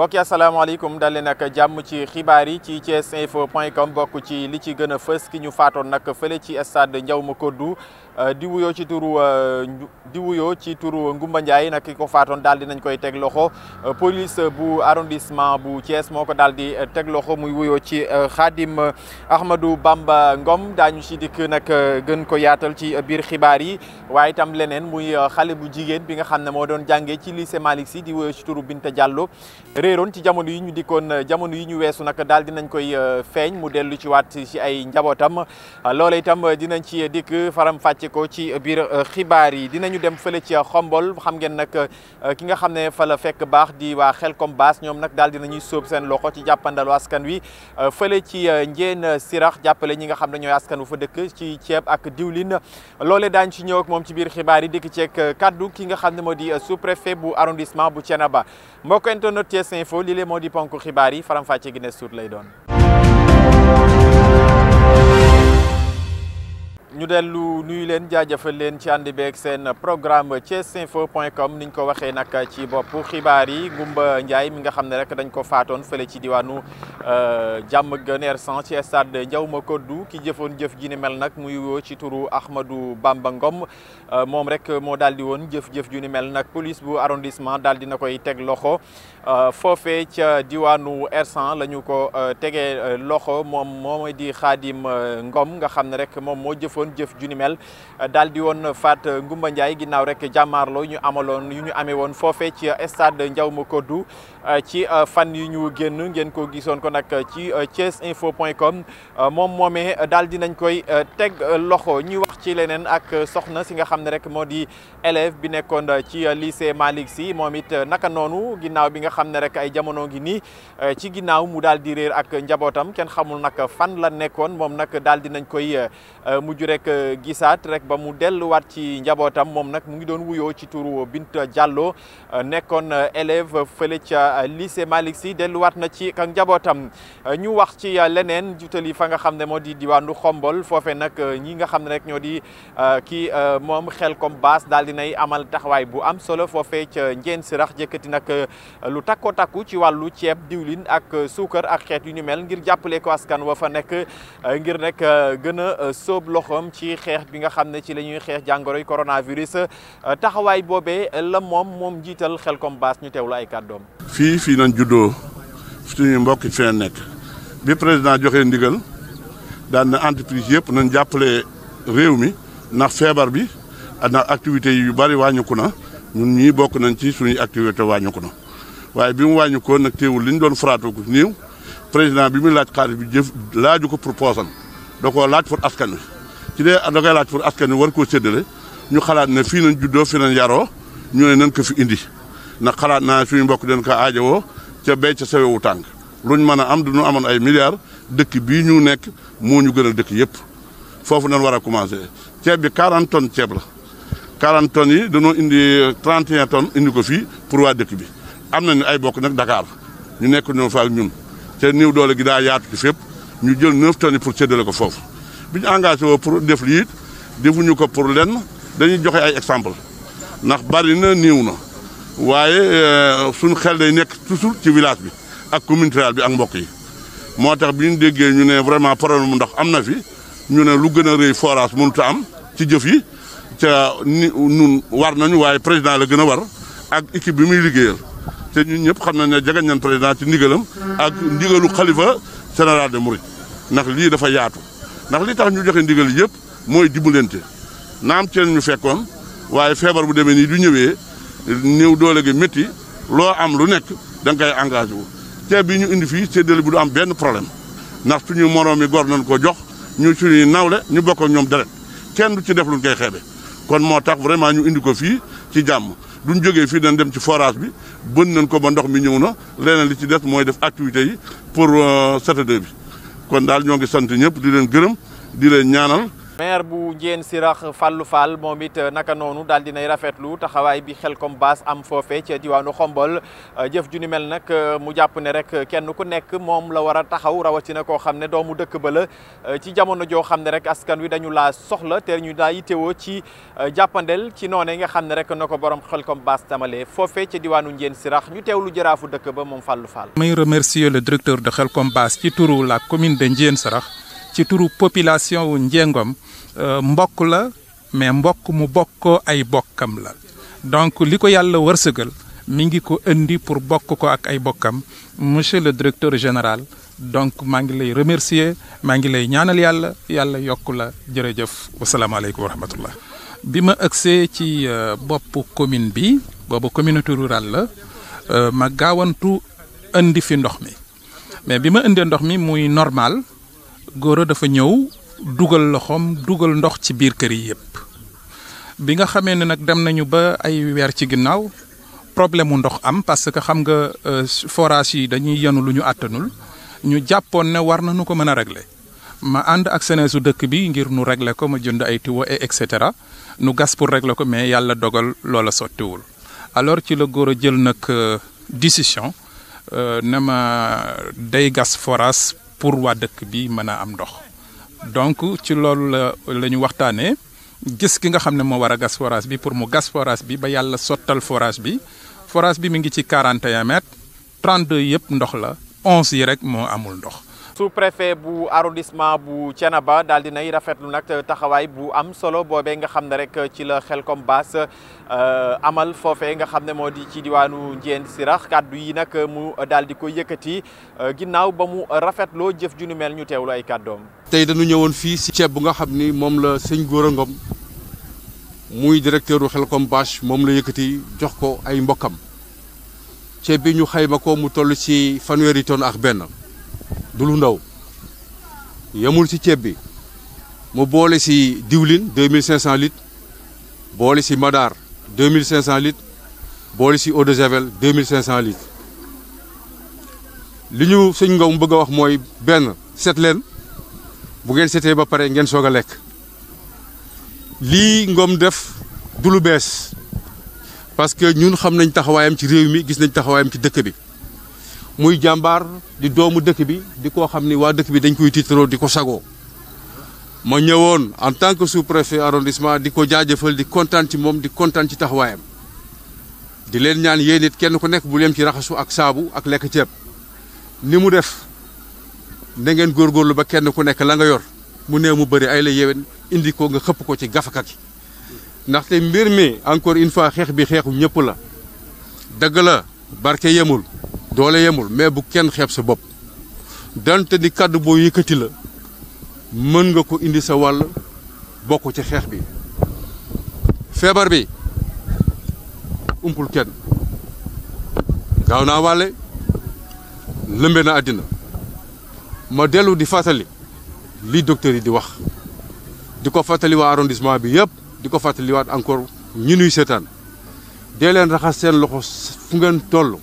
mbokk yi asalaamaaleykum daal di nag jàmm ci xibaar yi ci Thiès info point com bokk ci li ci gën a fës ki ñu faatoon nag fële ci stade Ndiaw koddu euh, di wuyoo ci turu euh, di wuyoo ci turu Ngumba Ndiaye nag ki ko faatoon daal di nañ koy teg loxo euh, police bu arrondissement bu Thiès moo ko daal di teg loxo muy wuyoo ci Khadim Ahmadou Bamba Ngom daañu si dikk nag gën ko yaatal ci biir xibaar yi waaye itam leneen muy xale bu jigéen bi nga xam ne moo doon jàngee ci lycée Malick Sy di wuyoo ci turu Binta Diallo. réeroon ci jamono yi ñu dikkoon euh, jamono yi ñu weesu nag daal dinañ koy euh, feeñ mu dellu ci waat ci ay njabootam euh, loola itam dinañ ci dikk faram fàcce ko ci biir xibaar yi dinañu dem fële ci xombol xam ngeen nag ki nga xam ne fa la fekk baax di waa xel Xelkom Baas ñoom nag daal dinañuy sóob seen loxo ci jàppandalu askan wi fële ci njeen sirax jàppale ñi nga xam ne ñooy askan fa dëkk ci ceeb ak diwlin loole daañ ci ñëw moom ci biir xibaar yi dikk ceek kaddu ki nga xam ne moo di sous bu arrondissement bu Thiénaba mbokk internet info lii lee moo di ponk xibaar yi faram-fàcce gi ne lay doon. dellu nuyu leen jaajafa leen ci ànd beeg seen programme comme ni ñu ko waxee nag ci bopp xibaar yi Ngumba Ndiaye mi nga xam ne rek dañ ko faatoon fële ci diwaanu Diamaguène euh, Hersent ci stade Ndiaw koddu ki jëfoon jëf ji ni mel nag muy woo ci turu Ahmadou Bamba Ngom euh, moom rek moo daal di woon jëf-jëf ju ni mel nag police bu arrondissement daal di na koy teg loxo euh, foofe ca diwaanu Hersent la ñu ko tegee loxo moom moo di Xaadim Ngom nga xam ne jëf ju ni mel daal di woon faat Ngumba njaay ginnaaw rek jàmmaarloo ñu amaloon yu ñu amee woon foofee ci stade Ndiaw Macodou ci fan yu ñu génn ngeen ko gisoon ko nag ci info thiesinfo.com moom moomee daal di nañ koy teg loxo ñuy wax ci leneen ak soxna si nga xam ne rek moo di élève bi nekkoon ci lycée malik si moom it naka noonu ginnaaw bi nga xam ne rek ay jamono ngi nii ci ginnaaw mu daal di réer ak njabootam kenn xamul nag fan la nekkoon moom nag daal nañ Euh, gisaat rek ba mu delluwaat ci njabootam moom nag mu ngi doon wuyoo ci turu bint jàlloo euh, nekkoon euh, élève fële ca lycée Malick Sy delluwaat na ci ak njabootam ñu wax ci leneen jutali fa nga xam ne moo di diwaanu Xombol foofe nag ñi nga xam ne rek ñoo di kii moom Xelcom Basse daal di nay amal taxawaay bu am solo foofee ca Njeen Sirax jëkkati nag lu takko takku ci wàllu ceeb diwlin ak suukar ak xeet yu ñu mel ngir jàppale ko askan wa fa nekk ngir nag gën a sóob am ci xeex bi nga xam ne ci la ñuy xeex jàngoroy coronavirus euh, taxawaay boobee la moom moom njiital xel Xelcom Baas ñu teewlu ay kàddoom. fii fii nañ juddoo suñuy mbokk fi nekk bi président joxe ndigal daan entreprise yëpp nañ jàppale réew mi ndax feebar bi ndax activités yu bari wàññiku na ñun ñii bokk nañ ci suñuy activité wàññiku na waaye bi mu wàññikoo nag teewul li ñu doon faraatoo ko néew président bi mu laaj xaalis bi jëf laaju ko pour poosam da laaj pour askan wi ci dee da koy pour askan wi war koo séddale ñu xalaat ne fii nañ juddoo fii nañ yaroo ñu ne nañ ko fi indi ndax xalaat naa suñu mbokk den ko aajowoo ca béy ca sawewu tàng luñ mën a am du ñu amoon ay milliards dëkk bii ñu nekk moo ñu gënal dëkk yëpp foofu nañ war a commencé ceeb bi 40 tonnes ceeb la 40 tonnes yi dañoo indi 31 tonnes indi ko fii pour waa dëkk bi am nañu ay bokk nag dakaar ñu nekk ñoo fa ak ñun te néew doole gi daa yaatu ci fépp ñu jël 9 tonnes pour séddale ko foofu bi ñu engagé woo pour def lii defuñu ko pour lenn dañuy joxe ay exemple ndax bari na niiw na waaye euh, suñu xel day nekk toujours ci village bi ak commune bi ak mbokk yi moo tax bi ñu ñu ne vraiment problème mu ndox am na fi ñu lu gën a rëy forage mënut am ci jëf yi ca ni nun war nañu waaye président la gën a war ak équipe bi muy liggéeyal te ñun ñëpp xam na ne jegeñ nañ président ci ndigalam ak ndigalu xalifa général de Mouride ndax lii dafa yaatu ndax li tax ñu joxe ndigal yëpp mooy dimbalante naam ci ñu fekkoon waaye feebar bu demee nii du ñëwee néew doole gi métti loo am lu nekk da nga koy engagé wu. ceeb bi ñu indi fii séddale bi du am benn problème ndax suñu moroom yi gor nañ ko jox ñu suñuy nawle ñu bokk ñoom deret kenn du ci def luñ koy xeebe kon moo tax vraiment ñu indi ko fii ci jàmm. duñ jógee fii dañ dem ci forage bi bën nañ ko ba ndox mi ñëw na leneen li ci des mooy def activités yi pour euh, Saturday bi kon daal ñoo ngi sant ñëpp di leen gërëm. di leen ñaanal. maire bu Ndiéyène Sirakh Fallou Fall moom it naka noonu daal dinay rafetlu taxawaay bi Xelcom baas am foofe ci diwaanu Xombol euh, jëf ju ni mel nag euh, mu jàpp ne rek kenn ku nekk moom la war a taxaw rawatina koo xam ne doomu dëkk ba la euh, ci jamono joo xam ne rek askan wi dañu laa soxla te ñu daa teewoo ci jàppandel ci noone nga xam ne rek na ko borom Xelcom Basse tamalee foofe ci diwaanu Ndiéyène Sirakh ñu teewlu jëraafu dëkk ba moom Fallou Fall. may remercier le directeur de Xelcom Basse ci turu la commune de Ndiéyène Sirakh ci turu population wu Njengom euh, mbokk la mais mbokk mu bokkoo ay bokkam la donc li ko yàlla wërsëgal mi ngi ko indi pour bokk ko ak ay bokkam monsieur le directeur général donc maa ngi lay remercier maa ngi lay ñaanal yàlla yàlla yokk la jërëjëf wasalaamaaleykum wa rahmatullah bi ma agsee ci euh, bopp commune bi boobu communauté rural la euh, ma gaawantu indi fi ndox mi mais bi ma indee ndox mi muy normal Gora dafa ñëw dugal loxoom dugal ndox ci biir kër yi yëpp bi nga xamee ne nag dem nañu ba ay weer ci ginnaaw problème mu ndox am parce que xam nga euh, forage yi dañuy yenu lu ñu àttanul ñu jàppoon ne war nañu ko mën a régler ma ànd ak seneesu dëkk bi ngir nu régler ko ma jënd ay tiwo et et cetera nu gas pour régler ko mais yàlla dogal loola sottiwul alors ci la Gora jël nag euh, décision euh, ne ma day gas forage pour waa dëkk bi mën a am ndox donc ci loolu la la ñu waxtaanee gis ki nga xam ne moo war a gas forage bi pour mu gas forage bi ba yàlla sottal forage bi forage bi mi ngi ci 41 mètres 32 yëpp ndox la 11 yi rek moo amul ndox. sous-préfet bu arondissement bu Thiénaba daal di nay rafetlu nag taxawaay bu am solo boobee nga xam ne rek ci la Xelcom Bass euh, amal foofee nga xam ne moo di ci diwaanu si rax kàddu yi nag mu daal di ko yëkkati euh, ginnaaw ba mu rafetloo jëf ju nu mel ñu teewlu ay kàddoom. tey dañu ñëwoon fii si ceeb bu nga xam ni moom la sëñ góor a Ngom muy directeur u Xelcom moom la yëkkati jox ko ay mbokkam ceeb bi ñu xayma ko mu toll ci fanweeri tonne benn. du lu ndaw yemul ci ceeb bi mu boole ci diwlin 2500 litres boole ci madaar 2500 litres boole ci eau de javel 2500 litres li ñu sëñ Ngom bëgg a wax mooy benn set leen bu ngeen setee ba pare ngeen soog a lekk lii Ngom def du lu bees parce que ñun xam nañ taxawaayam ci réew mi gis nañ taxawaayam ci dëkk bi muy jàmbaar di doomu dëkk bi di koo xam ni waa dëkk bi dañ koy tiitaroo di ko sagoo ma ñëwoon en tant que sous-préfet arrondissement di ko jaajëfal di kontaan ci moom di kontaan ci taxawaayam di leen ñaan yéen it kenn ku nekk bu leen ci raxasu ak saabu ak lekk ceeb ni mu def na ngeen góorlu ba kenn ku nekk la nga yor mu néew mu bëri ay la indi ko nga xëpp ko ci gafaka gi ndaxte mbir mi encore une fois xeex bi xeexu ñëpp la dagg la barke yemul doole yemul mais bu kenn xeeb sa bopp donte di kàddu boo yëkkati la mën nga ko indi sa wàll bokk ci xeex bi feebar bi umpul kenn gaaw naa wàlle lëmbe na àddina ma dellu di fàttali li docteur yi di wax di ko fàttali waa arrondissement bi yëpp di ko fàttaliwaat encore ñi nuy seetaan dee leen raxas seen loxo fu ngeen toll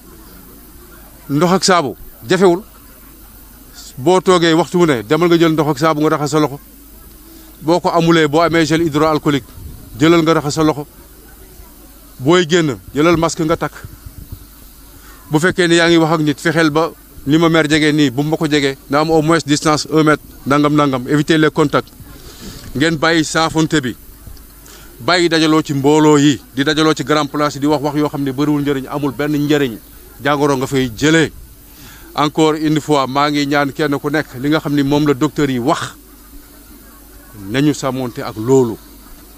ndox ak saabu jafewul boo toogee waxtu wu ne demal nga jël ndox ak saabu nga raxas sa loxo boo ko amulee boo amee gel hydroalcoolique jëlal nga raxas sa loxo booy génn jëlal masque nga takk bu fekkee ne yaa ngi wax ak nit fexeel ba li ma jege nii bu ma ko jegee na am au moins distance un mètre nangam nangam éviter les contacts ngeen bàyyi saafonte bi bàyyi dajaloo ci mbooloo yi di dajaloo ci grand place di wax wax yoo xam ne bariwul njëriñ amul benn njëriñ. jàngoro nga fay jële encore une fois maa ngi ñaan kenn ku nekk li nga xam ni moom la docteur yi wax nañu sàmmonte ak loolu.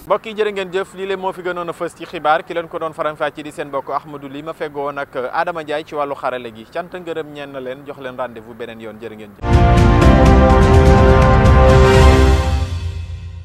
mbokk yi jërë ngeen jëf lii leen moo fi gënoon a fës ci xibaar ki leen ko doon faram-fàccee di seen bokk Ahmadou li ma fegoo nag Adama Ndiaye ci wàllu xarale gi cant ngërëm ñeen na leen jox leen rendez-vous beneen yoon jërë ngeen jëf.